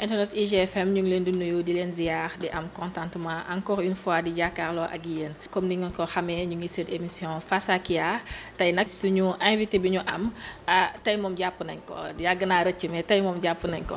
internet IGFM ñu ngi leen di nuyu di leen ziar di am contentement encore une fois di jàkkaarloo ak yéen comme ni nga ko xamee ñu ngi seen émission Face à Kia tey nag suñu invité bi ñu am ah tey moom jàpp nañ ko yàgg naa rëcc mais tey moom jàpp nañ ko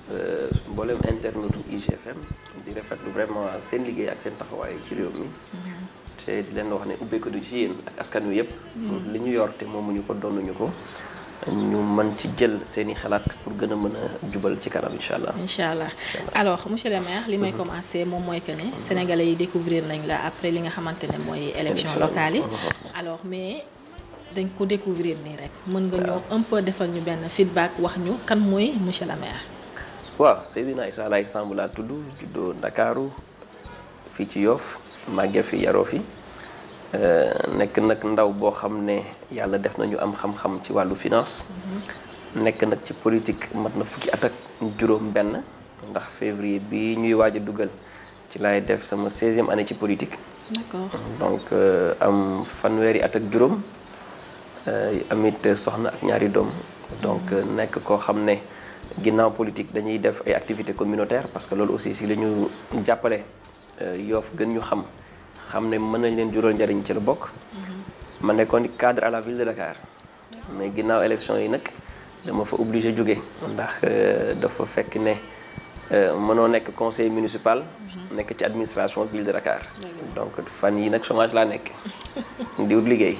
Euh, interne internetu IGFM di rafetlu vraiment seen liggéey ak seen taxaway ci réew mi. Mhm. te di len wax ne ubbeeku du ci yéen ak askan wi yëpp. Mhm. li ñu yor te moomuñu ko doonuñu ko. ñu man ci jël seeni xalaat pour gën a mën a jubal ci kanam incha allah. incha allah alors monsieur le maire li may mhm. commencé moom mooy que ne sénégalais yi découvrir nañ la après li nga xamante ne mooy. élection locale yi alors mais. dañ ko découvrir nii rek. mën nga ñëw un peu defal ñu benn feedback wax ñu kan mooy monsieur le maire waaw Seydina Issa Laye Samb laa tudd juddoo Dakaru fi ci yof magge fi yaroo fi euh, nek nak ndaw bo xamne yalla def nañu am xam-xam ci walu finance mhm. nek nak ci politique mat na fukki atak jurom ben ndax février bi ñuy waaj duggal ci lay def sama 16e année ci politique d'accord donc euh, am fanweeri atak jurom euh amit soxna ak ñaari dom donc mhm. nekk koo xam ne ginnaaw politique dañuy def ay activités communautaires parce que loolu aussi si la jàppale euh, Yoff gën ñu xam xam ne mën nañ leen jural njariñ ci lu bokk. Mhm. ma nekkoon cadre à la ville de Dakar mais ginnaaw élection yi nag dama fa obligé jóge ndax euh, dafa fekk ne euh, mënoo nekk conseil municipal. Mhm. nekk ci administration ville de Dakar. donc fan yi nag chômage laa nekk di wut liggéey.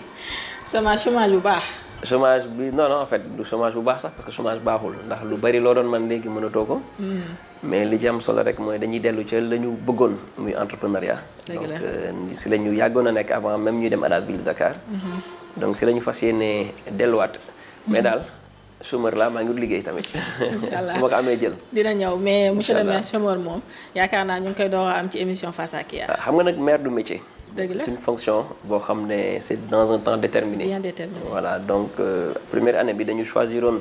chômage chômage bu baax. chômage bi non non en fait du chômage bu baax sax parce que chômage baaxul ndax lu bari loo doon man léegi mënatoo ko. Hmm. mais li ci am solo rek mooy dañuy dellu ca la ñu bëggoon muy entrepreneuriat. donc euh, si la ñu yàggoon a nekk avant même ñuy dem à la ville de Dakar. Hmm. donc si la ñu fas yéenee delluwaat. mais hmm. daal chômeur la maa ngi liggéey tamit. su ma ko amee jël. dina ñëw mais monsieur le maire chômeur moom yaakaar naa ñu koy door am ci émission face à Kia. Ah, xam nga nag maire du métier. c'est une fonction qui est c'est dans un temps déterminé. Bien déterminé. voilà donc euh, première année bi dañu choisiroon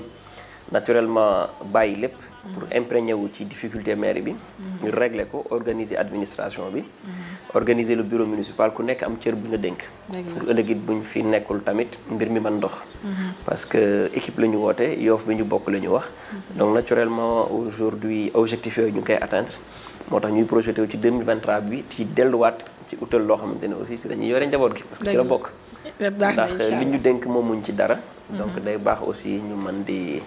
naturellement le lépp. pour mm-hmm. imprégner les ci difficulté mairie bi. Nous mm-hmm. régler ko organiser administration bi. Mm-hmm. organiser le bureau municipal ku nekk am cër bu pour que nous puissions ñu fi tamit mbir mi dox. parce que équipe nous woté yof yoof bi ñu bokk lañu wax. donc naturellement aujourd'hui objectif est ñu atteindre. moo tax ñuy projet wu ci 2023 bi ci delluwaat ci utal loo xamante ne aussi si dañuy yore njaboot gi parce que ci la bokk ndax li ñu dénk muñ ci dara mhm. donc day baax aussi ñu mën di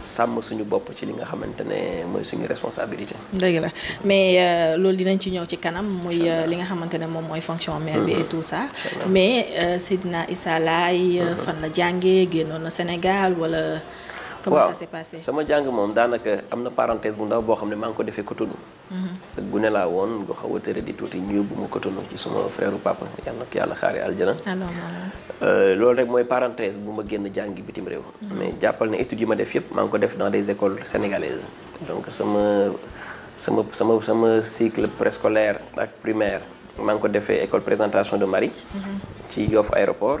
sàmm suñu bopp ci li nga xamante ne mooy suñu responsabilité. dëgg la mais euh, loolu dinañ ci ñëw ci kanam. muy euh, li nga xamante ne moom mooy fonction maire bi mhm. et tout ça. mais euh, Seydina Issa Laye mhm. fan la jàngee génnoon na Sénégal wala. comment ça s'est passé sama jàng moom daanaka am na parenthèse bu ndaw boo xam ne maa ngi ko defee Cotonou. Mhm. parce que gune laa woon bu xaw a tëre di tuuti ñu yóbbu ma Cotonou ci suma frère papa yàlla na ko yàlla xaaree aljana. Ah, euh, loolu rek mooy parenthèse bu ma génn jàngi bitim réew. Mhm. mais jàppal ne études yi ma def yëpp maa ngi ko def dans des écoles sénégalaises. donc sama sama sama sama cycle préscolaire ak primaire maa ngi ko defee école présentation de Marie. Mhm. ci Yoff aéroport.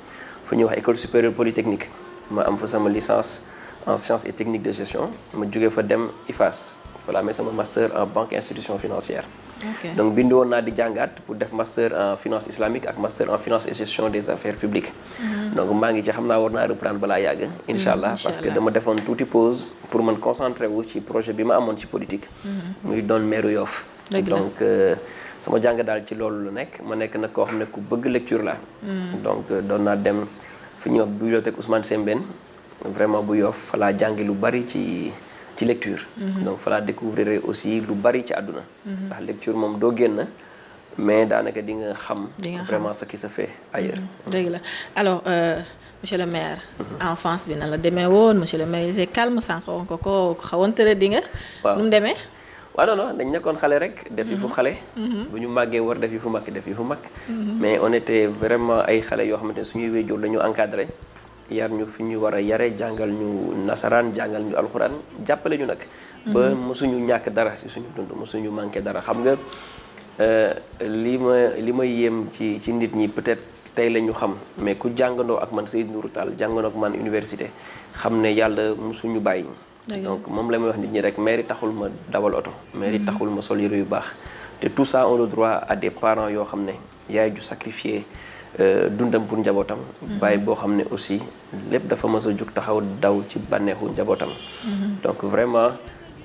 fu wax école supérieure polytechnique ma am fa sama licence en sciences et techniques de gestion ma jóge fa dem IFAS voilà mais sama master en banque institution financière donc bindu woon naa di jàngaat pour def master en finance islamique ak master en finance et gestion des affaires publiques mhm. donc maa ngi ci xam naa war naa reprendre balaa yàgg Inshallah. Mhm, parce que dama defoon tuuti pause pour me concentrer wu ci projet bi ma amoon ci politique mhm. muy doon meru Yoff donc euh, sama jàng daal ci loolu la nekk ma nekk nag koo xam ku bëgg lecture la hmm. donc euh, dem fi ñuy wax bibliothèque Ousmane Sembène vraiment bu yof fa laa lu bari ci ci lecture hmm. donc fala laa découvrir aussi lu bari ci àdduna hmm. ndax lecture moom doo génn mais daanaka di nga xam vraiment ce qui se fait ailleurs dëgg la alors euh, monsieur le maire enfance bi na la monsieur le maire il calme ko ko di nga waaw non non dañ nekkoon xale rek. def yi fu mhm. xale. Mhm. bu ñu màggee war def yi fu mag def yi fu mag. Mhm. mais on vraiment ay xale yoo xamante ne suñuy wéyjoor lañu encadré. yar ñu fu ñu war a yare jàngal ñu nasaraan jàngal ñu alxuraan jàppale ñu nag. ba mosuñu ñàkk dara ci suñu dund mosuñu manqué dara xam nga euh, li ma li ma yéem ci ci nit ñi peut-être. tey la ñu xam mais ku jàngandoo ak man Seydou Nourou Tall jàngandoo ak man université xam ne yàlla musuñu bàyyi. donc moom la may wax nit ñi rek mairie taxul ma dawal auto mairie mhm. taxul ma sol yëre yu baax té tout ça on le droit à des parents yo xamné ne yaay ju euh dundam pour njabootam bàyyi mhm. bo xamné aussi lepp dafa mës a taxaw daw ci banéxu njabootam mhm. donc vraiment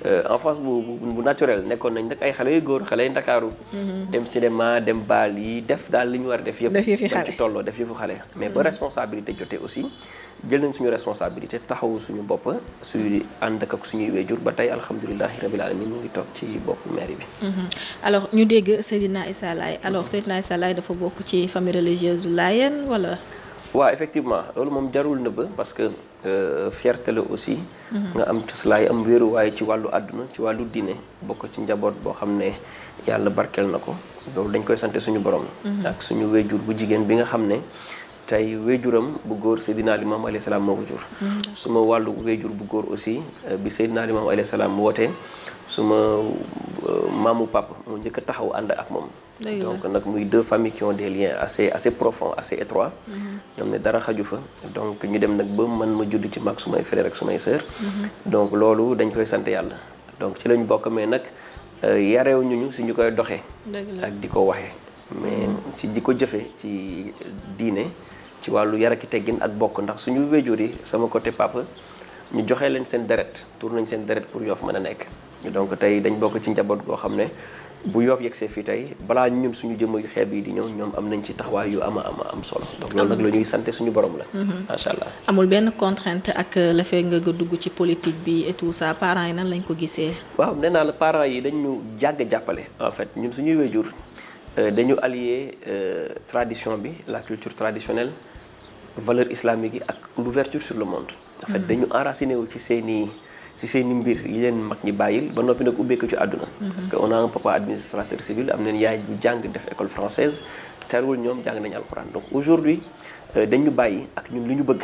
Euh, enfance bu bu naturel nekkoon nañ nag ay xale yu góor xale yu ndakaaru mhm. dem cinéma dem baal def daal li war a def yëpp ci tolloo def yëfu xale mhm. mais ba responsabilité jotee aussi jël nañ suñu responsabilité taxawu suñu bopp suñu ànd ak suñuy wéjur ba tey alhamdulilahi rabil alamin mu ngi toog ci bopp mairie bi mhm. alors ñu dégg Seydina Issa Laye alors Seydina dafa bokk ci famille religieuse layène wala waaw effectivement loolu na ba parce que Euh, fierté la aussi. Mm-hmm. nga am cëslaay am wéeruwaay ci wàllu àdduna ci wàllu diine bokk ci njaboot boo xam ne yàlla barkeel na ko loolu dañ koy sante suñu borom. Mm-hmm. ak suñu wéjur bu jigéen bi nga xam ne. tey wéjuram bu góor Seydina Limaam alayhi salaam moo ko suma wàllu wéjur bu góor aussi euh, bi Seydina Limaam alayhi salaam wootee suma euh, mamu papa mu njëkk a taxaw ànd ak moom donc nag muy deux familles qui ont des liens assez assez profonds assez étroits mm-hmm. ñoom ne dara xaju fa donc ñu dem nag ba man ma judd ci mag sumay frères ak sumay sœurs mm-hmm. donc loolu dañ koy sant yàlla donc ci lañ bokk mais nag euh, yareew ñu ñu si jiko koy doxee ak mais mm-hmm. si di ci ci wàllu yar ak teggin ak bokk ndax suñu wéjur yi sama côté papa ñu joxe leen seen deret tour nañ seen deret pour Yoff mën a nekk donc tey dañ bokk ci njaboot goo xam ne bu Yoff see fii tey balaa ñun suñu jëmm yu yi di ñëw ñoom am nañ ci taxawaay yu ama ama am solo donc loolu nag la suñu borom la mhm. macha allah amul benn contrainte ak la dugg ci politique bi et tout ça parents yi nan lañ ko gisee waaw nee naa yi dañ ñu jàppale en fait ñun suñuy wéjur euh, dañu allier euh, tradition bi la culture traditionnelle valeur islamique et ak l'ouverture sur le monde en fait mm-hmm. dañu enraciné wu ci seeni ci seeni mbir yi leen mag ñi bayil ba nak nag ko ci aduna mm-hmm. parce que on a un papa administrateur civil am nañ yaay bu jang def école française terewul ñom jang nañ alcorane donc aujourd'hui euh, dañu bàyyi ak ñun liñu bëgg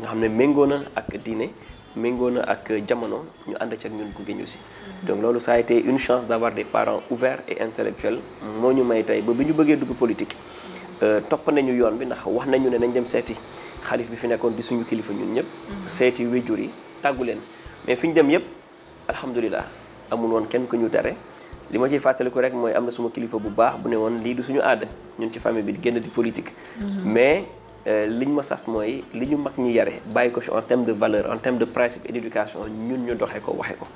nga xam mengona ak diine mengona ak jamono ñu ànd ci ak ñun gunge ñu aussi. Mm-hmm. donc lolu ça a été une chance d'avoir des parents ouverts et intellectuels moñu may tay ba biñu bëggé dugg politique Euh, topp nañu yoon bi ndax wax nañu ne nañ dem seeti xalif bi fi nekkoon di suñu kilifa ñun ñëpp. Mhm. seeti wéjur yi tàggu leen mais fi ñu dem yëpp alhamdulilah amul woon kenn ku ñu tere. li ma ciy ko rek mooy am na suma kilifa bu baax bu ne woon lii du suñu aada ñun ci famille bi génn di politique. Mhm. mais euh, li ñu sas mooy li ñu mag ñi yare bàyyi ko fi en terme de valeur en terme de principe et d'éducation ñun ñu doxee ko waxe ko.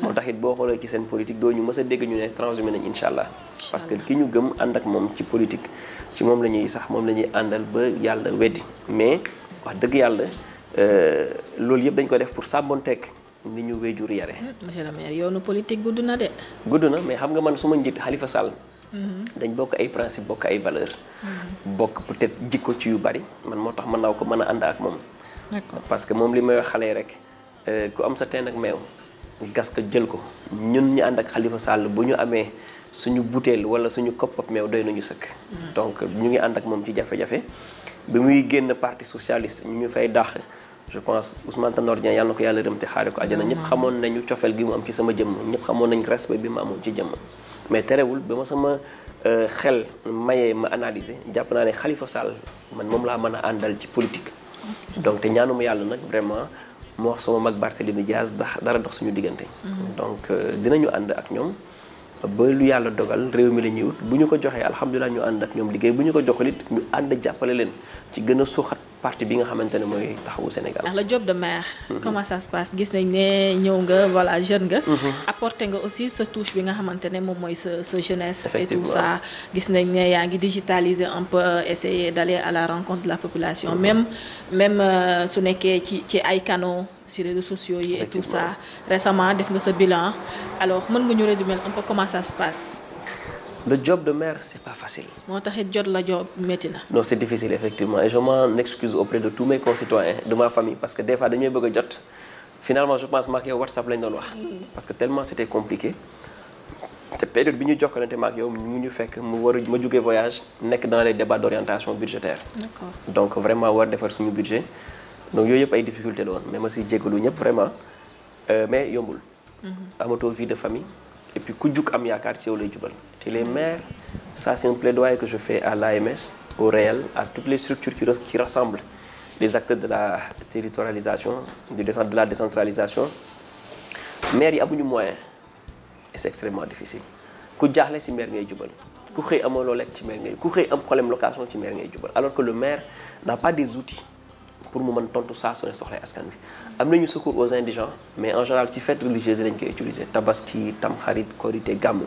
moo tax it boo xoolee ci seen politique doo ñu mës ñu ne transhumé nañ incha allah. parce que ki ñu gëm ànd ak moom ci politique ci mom la ñuy sax moom la ñuy àndal ba yàlla weddi mais wax dëgg yàlla euh, loolu yëpp dañ ko def pour sàmbonteeg ni ñu wéjur yare hmm, monsieur le maire yoonu politique gudd na de gudd na mais xam nga man suma njit Khalifa Sall hmm. dañ bokk ay principe bokk ay valeur hmm. bokk peut-être jikko ci yu bari man moo tax mën naa ko mën a ànd ak moom parce que moom li wax xale rek euh, ku am sa teen ak meew gas ko jël ko ñun ñu ànd ak Khalifa Sall bu ñu amee suñu butéel wala suñu koppab meew doy nañu seuk donc ñu ngi and ak mom ci jafé jafé bi muy génn parti socialiste ñu ñu fay dakh je pense Ousmane Tanor yalla nako yalla ko yàlla rëm te xaare ko àjjana ñëpp xamoon nañu cofeel gi mu am ci sama jëm ñep xamoon nañ respect bi ma amoon ci jëm mais téréwul bima ma sama euh, xel mayé ma analyser japp naa ne Khalifa Sall man mom la mëna andal ci politique. donc té ñaanuma yalla nak vraiment mo wax sama mag Barcelona Diaz ndax dara dox suñu digënté mm-hmm. donc euh, dinañu and ak ñom ba lu yàlla dogal réew mi la ñuy wut bu ñu ko joxee alhamdulilah ñu ànd ak ñoom liggéey bu ñu ko joxul it ñu ànd jàppale leen ci gëna a parti bi nga xamantene moy taxawu Sénégal. ndax la job de maire. Mm-hmm. comment ça se passe gis nañ né ñëw nga voilà jeune nga. Mm-hmm. apporter nga aussi sa touche bi nga xamantene mom moy mooy sa sa jeunesse. et tout ça gis nañ ne yaa ngi digitaliser un peu essayer d'aller à la rencontre de la population. Mm-hmm. même même euh, su nekkee ci ci ay canaux les réseaux sociaux et tout ça récemment def nga sa bilan alors mën nga ñu résumer un peu comment ça se passe le job de maire n'est pas facile. jot la job non c'est difficile effectivement et je m'en excuse auprès de tous mes concitoyens de ma famille parce que des fois je bëgg que finalement je pense que je vais faire un wax. Mm. parce que tellement c'était compliqué. La période bi ñu jokkalante maak yow je ñu fekk mu ma voyage dans les débats d'orientation budgétaire. d'accord donc vraiment war forces suñu budget donc yooyu yëpp ay difficultés la woon mais ma si jégalu ñëpp vraiment euh, mais yombul. une mm-hmm. vie de famille et puis ku jug am yaakaar ci et les maires, ça c'est un plaidoyer que je fais à l'AMS, au réel, à toutes les structures qui, rassemblent les acteurs de la territorialisation, de la décentralisation. maire beaucoup de moyens. et c'est extrêmement difficile ku jaaxle ci maire ngay ku location alors que le maire n'a pas des outils pour le tout ça, ça su ne soxlay askan bi a secours aux indigents mais en général ci fête religieux qui koy utiliser tabaski tamxarit Korite, Gamou.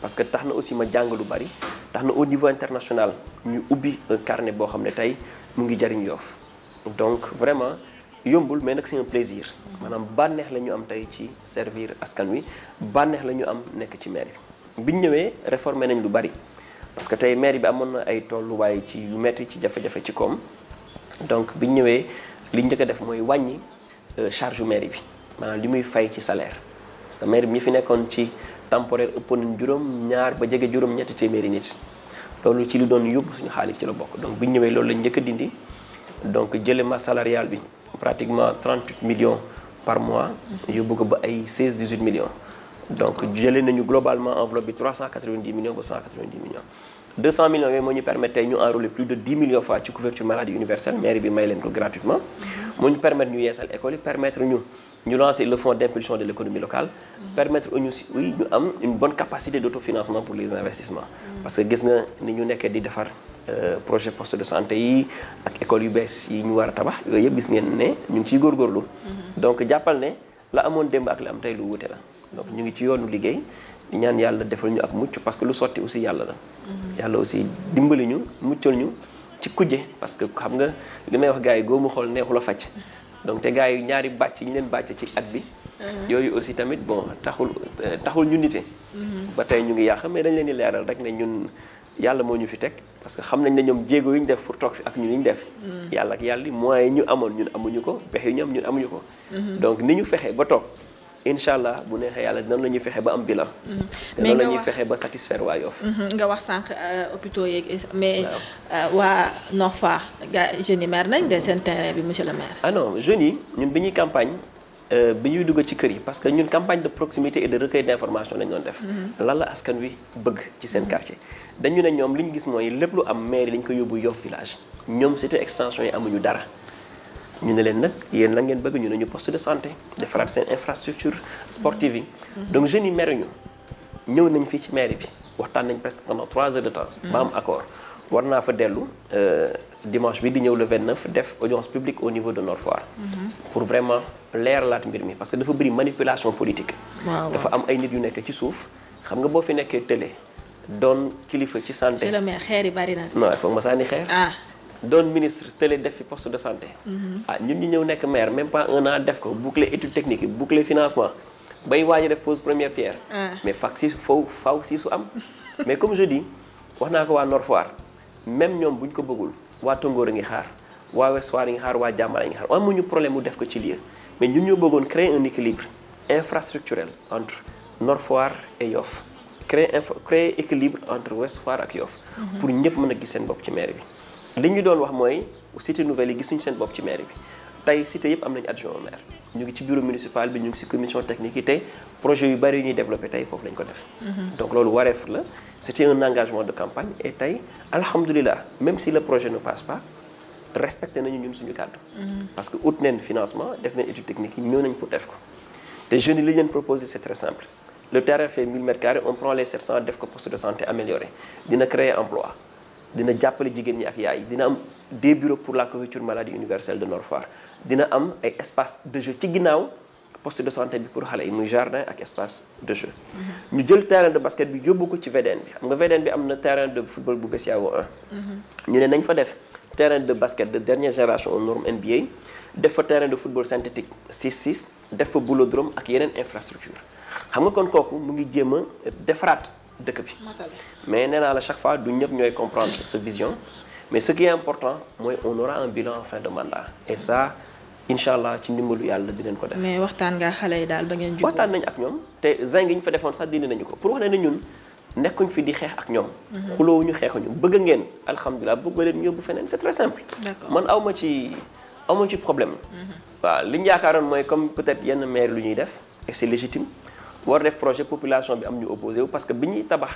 parce que tax aussi ma jàng lu bari tax au niveau international ñu ubi un carnet bo xamné ne mu ngi jariñ yof donc vraiment yombul mais nak c'est un plaisir manam banex lañu am tay ci servir askan wi banex lañu am nek ci mairie biñ ñëwé réformer nañ lu bari parce que tay mairie bi amon na ay way ci yu metti ci jafé jafé ci koom donc biñ ñëwé ñëwee li njëkk def moy wañi euh, charge mairie bi manam limuy fay ci salaire parce que mairie bi ñu fi nekkon ci. temporaire ëpp nañ juróom ñaar ba jege juróom ñetti téeméeri nit loolu ci li doon yóbbu suñu xaalis ci la bokk donc bu ñu ñëwee loolu lañ njëkk a dindi donc jële masse salariale bi pratiquement 38 millions par mois yóbbu ko ba ay 16 18 millions donc jëlee nañu globalement enveloppe bi millions ba millions yooyu moo ñu permettre ñu enrôler plus de millions fois ci couverture maladie universelle mairie bi may leen ko gratuitement moo ñu permettre ñu yeesal école yi permettre ñu Nous lancer le fonds d'impulsion de l'économie locale permettre ñu nous oui ñu am une bonne capacité d'autofinancement pour les investissements parce que gis nga ni ñu nekkee di defar euh, projet poste de santé yi ak école yu bees yi ñu war a tabax yooyu gis ngeen ne ñu ngi ciy donc jàppal ne la amone demb ak la am tay lu wuté la donc ñu ngi ci yoonu liggéey ñaan yalla defal ñu ak mucc parce que lu sorti aussi yalla la yalla aussi dimbali ñu muccal ñu ci kujje parce que xam nga limay wax gaay yi xol neexu la fac donc te gaa yi ñaari bàcc ñu leen bàcc ci at bi. Uh-huh. yooyu aussi tamit bon taxul euh, taxul ñu nite. Mm-hmm. ba tey ñu ngi yàq mais dañ leen di leeral rek ne ñun yàlla moo ñu fi teg parce que xam nañ ne ñoom jéego yi ñu def pour toog fi ak ñun yi ñu def. Mm-hmm. yàlla ak yàlla moyens yi ñu amoon ñun amuñu ko pexe yi ñoom ñu amuñu ko. Mm-hmm. donc ni ñu fexe ba toog. incha bu neexee yalla nan lañu fexé ba am bilan. te nan la ñuy fexe ba mhm. satisfaire wa Yoff. Mhm. nga wax sank euh, hôpitaux yé mais wa euh, nofa gars jeunes yi maire nañ de seen terrain bi monsieur le maire. ah non jeunes yi ñun biñuy campagne euh biñuy dugg ci kër yi parce que ñun campagne de proximité et de recueil d'information information lañ doon def. Mhm. lan la askan wi bëgg ci sen quartier. dañu né ñom li gis moy lepp lu am maire yi ko yóbbu Yoff village ñom c'était extension yi amuñu dara ñu ne leen nag yéen la ngeen bëgg ñu ne ñu poste de santé defaraat seen infrastructure sportive yi donc jeunes yi meruñu ñëw nañ fii ci maire bi waxtaan nañ presque pendant trois heures de temps ba am accord war naa fa dellu euh, dimanche bi di ñëw le 29 def audience publique au niveau de Nord Foire mhm. pour vraiment leeralaat mbir mi parce que dafa bëri manipulation politique dafa am ay nit yu nekk ci suuf xam nga boo fi nekkee télé doon kilifa ci santé. monsieur le maire xeer yi bari na. non il faut ma ni xeer. ah don ministre télé def fi poste de santé. Mhm. ah ñun ñu ñëw nekk maire même pas un an def ko boucler étude technique boucler financement bay waji a def pose première pierre. Ah. mais fàq si faw faw si su am. mais comme je dis wax naa ko wa Nord même ñom buñ ko bëggul wa tongor a ngi xaar wa Ouest Foire a ngi xaar wa Jàmbaar a ngi xaar ñu problème mu def ko ci lieu mais ñun ñoo bëggoon créer un équilibre infrastructurel entre Nord et Yoff créer créer équilibre entre Ouest ak Yoff. Mhm. pour ñëpp mëna a gis seen bopp ci maire bi li ñu doon wax mooy cité nouvelle yi gisuñu seen bopp ci maire bi tey cité yëpp am nañu adjoint au maire ñu ngi ci bureau municipal bi ñu ci commission technique yi projet yu bari yu ñuy développé tey foofu lañ ko def mhm. donc loolu wareef la c'était un engagement de campagne et alhamdulillah, même si le projet ne passe pas respecté nañu ñun suñu cadre, mhm. parce que ut neen financement def neen étude technique yi ñëw nañ pour def ko te jeunes yi li leen c'est très simple le terrain fait 1000 mètres carrés on prend les 700 def ko poste de santé amélioré dina créer emploi dina jàppale jigéen ñi ak yaay dina am des pour la couverture maladie universelle de Nord Foire dina am ay espace de jeu ci ginnaaw poste de santé bi pour xale yi muy jardin ak espace de jeu. Mm-hmm. ñu jël terrain de basket bi yóbbu ko ci VDN bi xam nga VDN bi am na terrain de football bu BCEAO 1. Mm-hmm. ñu ne nañ fa def terrain de basket de dernière génération aux normes NBA def fa terrain de football synthétique 6-6 def fa boulodrome ak yeneen infrastructure xam nga kon kooku mu ngi jéem a dëkk bi mais nee naa la chaque fois du ñëpp ñooy comprendre sa vision mais ce qui est important mooy on aura un bilan en fin de mandat et ça incha allah ci ndimbalu yàlla dinañ ko def. mais waxtaan nga xale yi daal ba ngeen. waxtaan nañ ak ñoom te zinc yi ñu fa defoon sax dindi nañu ko pour wax ne ñun nekkuñ fi di xeex ak ñoom. Mhm. xulóowuñu xeexuñu bëgg ngeen alhamdulilah bëgg leen yóbbu feneen c'est très simple. man aw ma ci aw ma ci problème. Mhm. waaw li ñu yaakaaroon mooy comme peut-être yenn maire lu ñuy def et c'est légitime war def projet population bi am ñu opposé parce que bi tabax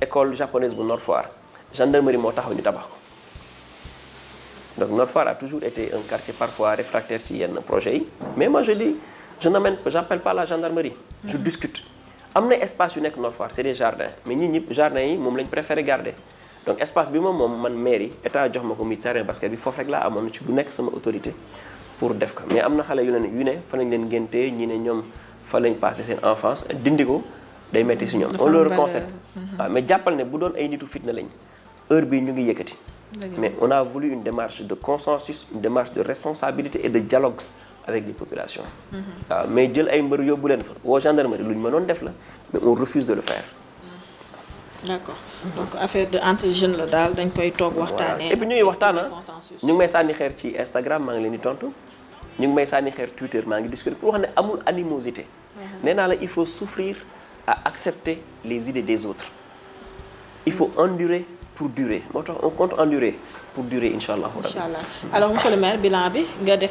école japonaise bu Nord Foire gendarmerie mo taxaw ñu tabax ko donc Nord Foire a toujours été un quartier parfois réfractaire ci yenn projet mais moi je dis je n'appelle pas la gendarmerie je mm-hmm. discute amna espace yu nekk Nord Foire c'est des jardins mais ñi jardins yi préfère lañ garder donc espace bi moom maire, man mairie état jox ma mi terrain basket bi fof rek la amoon ci bu autorité pour def ko mais il y a yu ne qui ne fa nañ leen ñi ne fan lañ passé seen enfance dindi ko day metti si ñoom. on le reconcerte mhm. ah, mais jàppal ne bu doon ay nitu fitna lañ heure bii ñu ngi mais on a voulu une démarche de consensus une démarche de responsabilité et de dialogue avec les populations. Mhm. Ah, mais jël ay mbeur yóbbu leen fa gendarmerie luñ ñu def la mais on refuse de le faire. D'accord, donc affaire de entre jeunes la daal dañ koy et puis ñuy waxtaan ah. ñu ngi may sànni xeer ci Instagram maa ngi leen di tontu. Nous may sani Twitter ngi pour wax amul animosité. Mhm. il faut souffrir à accepter les idées des autres. il faut endurer pour durer on compte endurer pour durer inshallah. alors monsieur le maire bilan bi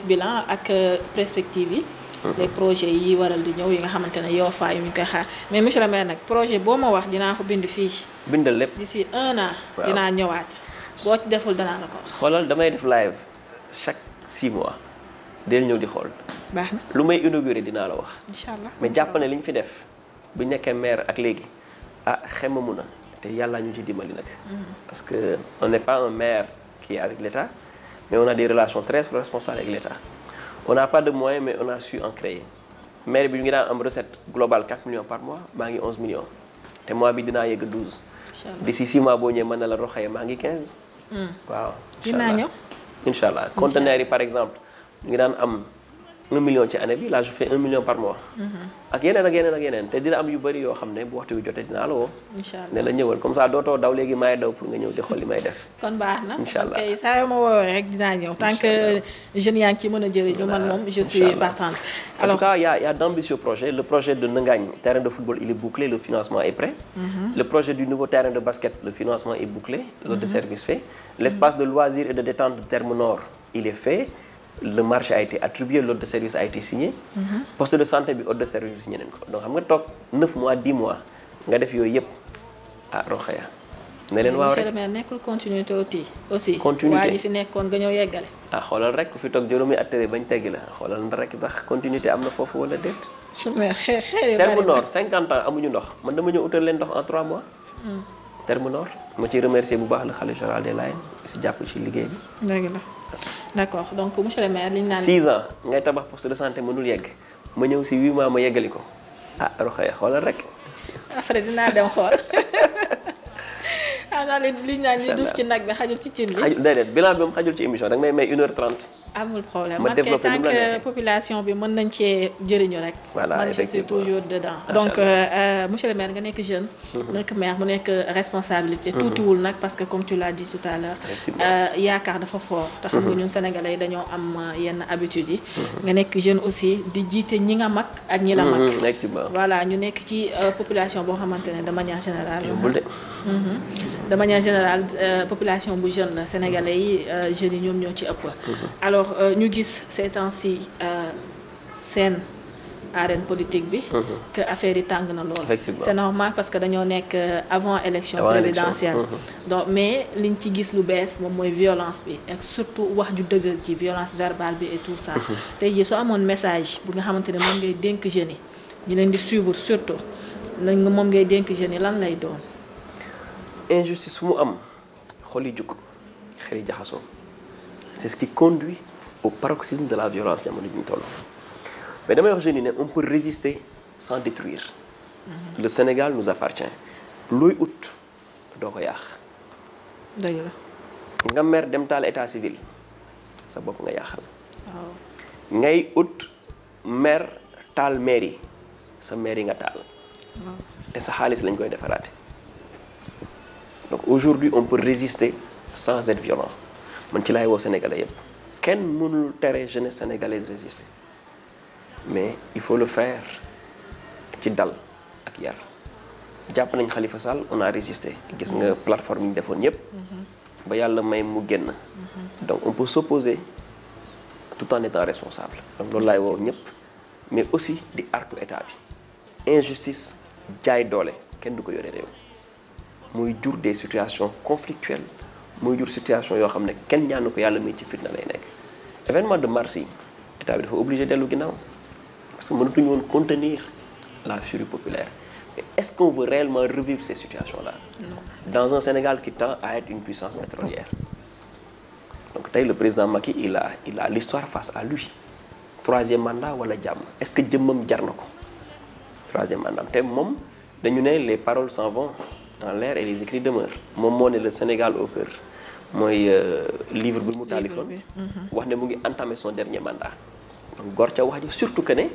bilan ak euh, perspective mhm. les projets yi waral di mais monsieur le maire projet wax d'ici un an. ci deful la ko live chaque six mois. C'est ce di xool. baax na lu may inauguré dina la wax. mais jàpp ne li fi def bu nekkee maire ak léegi ah xemamu na te nous ñu ci mm-hmm. parce que on n'est pas un maire qui est avec l'État mais on a des relations très responsables avec l'État on n'a pas de moyens mais on a su en créer maire bi une recette globale 4 millions par mois maa 11 millions Et mois bi dina yegg 12. d'ici 6 mois je ñëwee en na la 15. Wow. Inshallah. Conteneur, par exemple ñu ngi am 1 million ci année bi là je fais 1 million par mois. Mm-hmm. ak yenen ak yenen ak yenen te dina am yu bari yo xamné bu waxtu bi jotee la woo. inshallah né ne la ñëwël comme ça doto daw légui may daw pour nga ñëw di xol li may def. kon baax na incha allah kay saa rek dina ñëw tant que jeune yaa ngi ciy mën a man je suis partante. alors en tout cas y' a y' a d'ambitieux projets le projet de Nangagne terrain de football il est bouclé le financement est prêt. Mm-hmm. le projet du nouveau terrain de basket le financement est bouclé. l'ordre de mm-hmm. service fait L'espace de loisirs et de détente de Terme Nord il est fait le marché a été attribué l'ordre de service a été signé. Mhm. poste de santé bi ordre de service bi signé donc xam nga toog 9 mois 10 mois nga def yooyu yëpp ah Rokhaya. ne leen waaw rek monsieur le maire nekkul continuité aussi. continuité waa ji fi nekkoon nga ñëw yeggale. ah xoolal rek ku fi toog juróomi at tere bañ teggi la rek ndax continuité am na wala déet. monsieur le maire xëy terme nord 50 ans amuñu ndox man dama ñëw utal leen ndox en 3 mois. Hmm. terme nord ma ciy remercier bu baax la xale général de Layènes si jàpp ci liggéey bi. dëgg la d'accord donc monsieur le maire li ñu naan. 6 ans ngay tabax poste de santé mënul yegg ma ñëw si 8 mois ma yeggali ko ah Rokhaya xoolal rek. après dinaa dem xool. xanaa ah, li ñu naan li duuf ci nag bi xajul ci cin li. xajul bilan bi moom xajul ci émission danga may may 1 h 30 amul problème ma tant que population bi mën nañ cee jëriñu rek. voilà je suis toujours dedans. donc euh, euh, monsieur le maire nga nekk jeune. Mhm. nekk maire mu nekk responsabilité. Mhm. tuutiwul nak parce que comme tu l'as dit tout à l'heure euh, yakar dafa fort. Tax xam nga mhm. ñun sénégalais yi am yenn habitudes yi. nga nek jeune aussi di jité ñi nga mag ak ñi la mag. voilà ñu nek ci population bo xamantene de manière générale. de manière générale population bu jeune la sénégalais yi jeunes yi ñoom ñoo ci ëpp alors euh, ñu gis c'est ainsi euh, scène arène politique bi. Mhm. que affaire yi tàng na lool. c'est normal parce que dañoo nekk euh, avant élection présidentielle. Mhm. donc mais liñ ci gis lu bees mom moy violence bi et surtout wax ju deug ci violence verbale bi et tout ça. Mhm. tay ji so amone message bu nga xamantene ne ngay dénk jeune yi ñu leen di suivre surtout lañ moom ngay dénk jeune lan lay doon. injustice mu am xoli juk jug jaxaso c'est ce qui conduit au paroxysme de la violence jamono ji mais demain, wax jeunes on peut résister sans détruire mhm. le Sénégal nous appartient looy out, doo ko yàq dëgg nga mer dem taal état civil sa bopp nga yàqal ngay out mer tal mairie sa mairie nga tal. Et sa xaalis lañ koy defaraate donc aujourd'hui on peut résister sans être violent man ci laay sénégalais yépp Ken mënul terre jeunesse sénégalaise résister mais il faut le faire ci dal ak yar jàpp nañ Khalifa Sall on a résisté gis nga plateforme yi defone defoon yépp ba Yalla may mu génn donc on peut s'opposer tout en étant responsable donc loolu laay woo ñëpp mais aussi di artu état bi injustice jaay doole kenn du ko yore réew muy jur des situations conflictuelles muy jur situation yo xamné ne kenn ñaanu ko Yalla muy ci fitna lay nekk événement de mars il état obliger d'aller obligé dellu parce que nous devons contenir la furie populaire est-ce qu'on veut réellement revivre ces situations-là dans un Sénégal qui tend à être une puissance pétrolière donc le président Macky il a il a l'histoire face à lui troisième mandat wala jàmm est-ce que jëmmam m'a troisième mandat les paroles s'en vont en l'air et les écrits demeurent Mon monde le Sénégal au cœur mooy euh, livre bi mu taalifoon mhm. wax ne mu ngi entamé son dernier mandat donc gor ca wax ji surtout que ne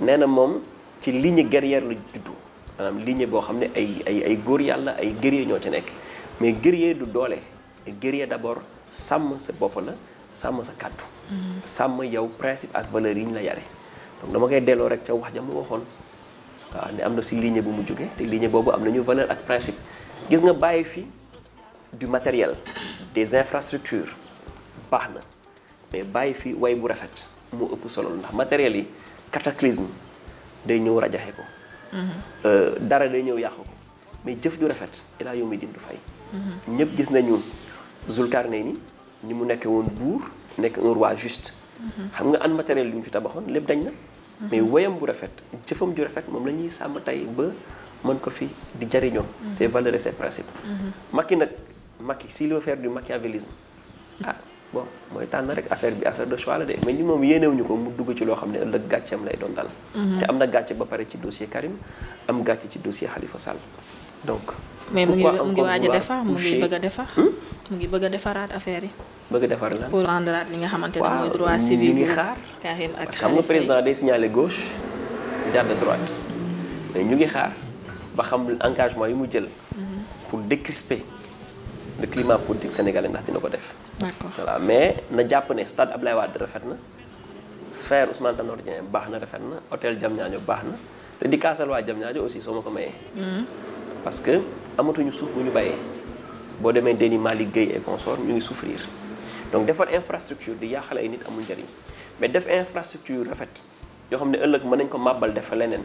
nee na moom ci ligne guerrière la juddu maanaam ligne boo xam ne ay ay góor yàlla ay guerrier ñoo ci nekk mais guerrier du doole guerrier d'abord sàmm sa bopp la sàmm sa kàddu mhm. sàmm yow principe ak valeur yi ñu la yare dama koy delloo rek ca wax ja mu waxoon waaw ne am na si ligne bu mu jóge te ligne boobu am na ñu valeur ak principe gis nga bàyyi fi du matériel des infrastructures baax mais bàyyi fi way bu rafet mo ëpp solo ndax matériel yi cataclysme day ñëw rajaxe ko. Euh, dara day ñëw yàq ko mais jëf ju rafet ila yow din du fay. ñepp gis nañu Zulkarnayni ni mu nekkee won bour nekk un roi juste. xam nga an matériel yu ñu fi tabaxone lepp dañ na. mais wayam bu rafet jëfam ju rafet mom lañuy sam tay tey ba mën ko fi di jariñoo. c'est valeurs et ses principes. maki nak si s'il veut faire du machiavélisme ah bon rek affaire affaire de choix mais ni moom yéenewuñu ko mu dugg ci lo xamné de ëllëg lay don dal mhm. té amna gatché ba paré ci dossier Karim am gatché ci dossier Khalifa Sall donc mais mu ngi mu ngi hmm? mu ngi bëgg mu ngi bëgg défarat affaire yi bëgg défar la pour des li nga xamanté moy droit civil ngi xaar Karim ak xam nga président day signalé gauche jàdd droite mais ñu ngi xaar ba xam engagement yi mu jël mhm. pour décrisper le climat politique sénégalais ndax dina ko def. d'accord voilà mais na jàpp ne stade Ablaye Wade rafet na sphère Ousmane Tanor Dieng baax na rafet na hôtel Diamniadio baax na te di kaasal waa Diamniadio aussi soma ma ko mayee. Hmm. parce que amatuñu suuf bu ñu bayee boo demee Déni Malick Guèye et consort ñu ngi souffrir donc defar infrastructure di yaaxal ay nit amul njëriñ mais def infrastructure rafet yoo xam ne ëllëg mën nañ ko màbbal def leneen.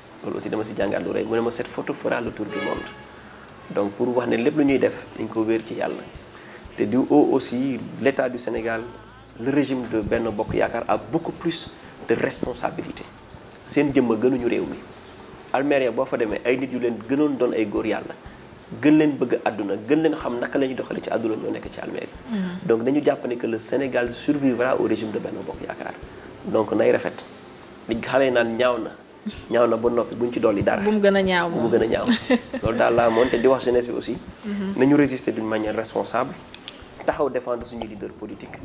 aussi dama si cette photo fera le tour du monde donc pour wax ne lepp lu ñuy def du aussi l'état du Sénégal le régime de Benno Bokk a beaucoup plus de responsabilité seen gënu mi fa ay nit yu leen ay bëgg xam naka ci mm. donc dañu que le Sénégal survivra au régime de Benno Bokk donc nay rafet li naan ñaaw na ba noppi buñ ci dolli dara. bu mu gën a ñaaw bu mu gën a ñaaw loolu daal laa moon te di wax jeunesse bi aussi. Mhm. nañu résister d'une manière responsable taxaw défendre suñu leader politique.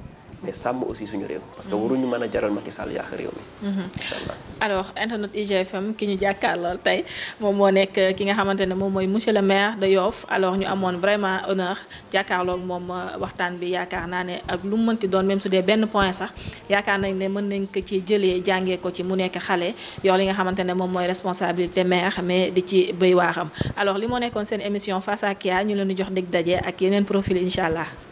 mais sàmm aussi suñu réew. parce que mm-hmm. waruñu mën a jaral Macky Sall yàq réew mi. Mm-hmm. incha allah alors internet IGFM ki ñu jàkkaarlool tey moom moo nekk ki nga xamante ne moom mooy monsieur le maire de Yoff alors ñu amoon vraiment honneur jàkkaarloog moom euh, waxtaan bi yaakaar naa ne ak lu mu mënti doon même su dee benn point sax yaakaar nañ ne mën nañ ci jëlee jàngee ko ci mu nekk xale yoo li nga xamante ne moom mooy responsabilité maire mais di ci béy waaxam alors li moo nekkoon seen émission face à Kia leen di jox dig daje ak yeneen profil incha allah.